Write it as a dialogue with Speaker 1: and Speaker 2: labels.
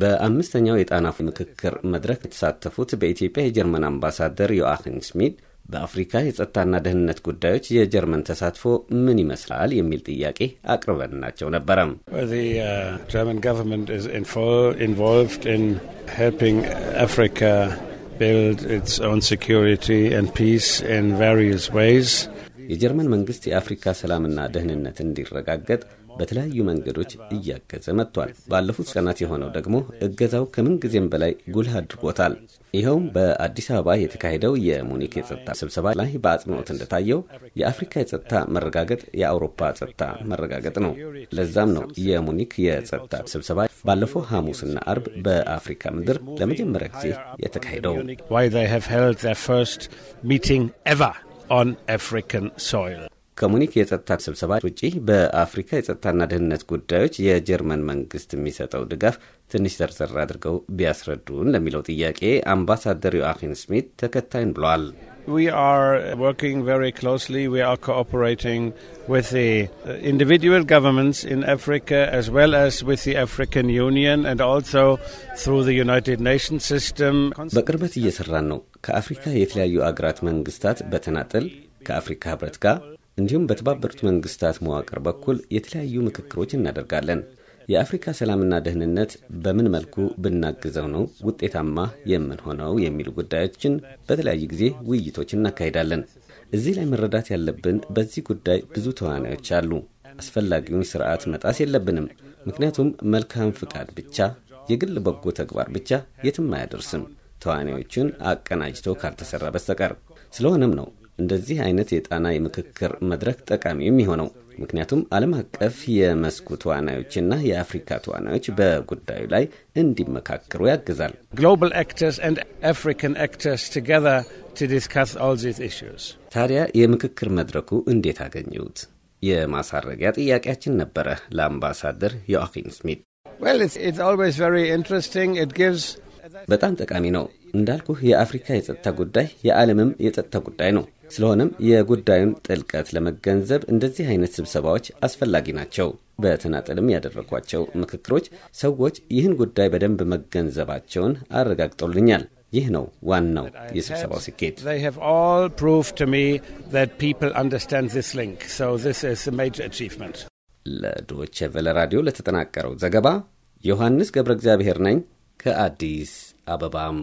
Speaker 1: በአምስተኛው የጣና ምክክር መድረክ የተሳተፉት በኢትዮጵያ የጀርመን አምባሳደር ዮአኪን ስሚድ በአፍሪካ የጸጥታና ደህንነት ጉዳዮች የጀርመን ተሳትፎ ምን ይመስላል የሚል ጥያቄ አቅርበንላቸው ነበረም።
Speaker 2: ሪካ የጀርመን መንግስት የአፍሪካ ሰላምና ደህንነት
Speaker 1: እንዲረጋገጥ በተለያዩ መንገዶች እያገዘ መጥቷል። ባለፉት ቀናት የሆነው ደግሞ እገዛው ከምንጊዜም በላይ ጉልህ አድርጎታል። ይኸውም በአዲስ አበባ የተካሄደው የሙኒክ የጸጥታ ስብሰባ ላይ በአጽንኦት እንደታየው የአፍሪካ የጸጥታ መረጋገጥ የአውሮፓ ጸጥታ መረጋገጥ ነው። ለዛም ነው የሙኒክ የጸጥታ ስብሰባ ባለፈው ሐሙስና
Speaker 2: አርብ በአፍሪካ ምድር ለመጀመሪያ ጊዜ የተካሄደው። ኦን አፍሪካን ሶይል። ከሙኒክ የጸጥታ ስብሰባ ውጪ
Speaker 1: በአፍሪካ የጸጥታና ደህንነት ጉዳዮች የጀርመን መንግስት የሚሰጠው ድጋፍ ትንሽ ዘርዘር አድርገው ቢያስረዱን ለሚለው ጥያቄ አምባሳደር ዮአኪን ስሚት ተከታይን ብለዋል።
Speaker 2: We are working very closely. We are cooperating with the individual governments in Africa as well as with the African Union and also through the United Nations system.
Speaker 1: በቅርበት እየሰራን ነው። ከአፍሪካ የተለያዩ አገራት መንግስታት በተናጠል ከአፍሪካ ህብረት ጋር እንዲሁም በተባበሩት መንግስታት መዋቅር በኩል የተለያዩ ምክክሮች እናደርጋለን። የአፍሪካ ሰላምና ደህንነት በምን መልኩ ብናግዘው ነው ውጤታማ የምንሆነው የሚሉ ጉዳዮችን በተለያየ ጊዜ ውይይቶች እናካሂዳለን። እዚህ ላይ መረዳት ያለብን በዚህ ጉዳይ ብዙ ተዋናዮች አሉ። አስፈላጊውን ስርዓት መጣስ የለብንም። ምክንያቱም መልካም ፍቃድ ብቻ፣ የግል በጎ ተግባር ብቻ የትም አያደርስም ተዋናዮቹን አቀናጅቶ ካልተሰራ በስተቀር። ስለሆነም ነው እንደዚህ አይነት የጣና የምክክር መድረክ ጠቃሚ የሚሆነው ምክንያቱም ዓለም አቀፍ የመስኩ ተዋናዮችና የአፍሪካ ተዋናዮች በጉዳዩ ላይ እንዲመካከሩ ያግዛል። ታዲያ የምክክር መድረኩ እንዴት አገኘሁት? የማሳረጊያ ጥያቄያችን ነበረ ለአምባሳደር ዮአኪን ስሚት። በጣም ጠቃሚ ነው እንዳልኩህ፣ የአፍሪካ የጸጥታ ጉዳይ የዓለምም የጸጥታ ጉዳይ ነው። ስለሆነም የጉዳዩን ጥልቀት ለመገንዘብ እንደዚህ አይነት ስብሰባዎች አስፈላጊ ናቸው። በተናጠልም ያደረኳቸው ምክክሮች ሰዎች ይህን ጉዳይ በደንብ መገንዘባቸውን አረጋግጦልኛል። ይህ ነው ዋናው የስብሰባው ስኬት። ለዶቼ ቬለ ራዲዮ ለተጠናቀረው ዘገባ ዮሐንስ ገብረ እግዚአብሔር ነኝ ከአዲስ አበባም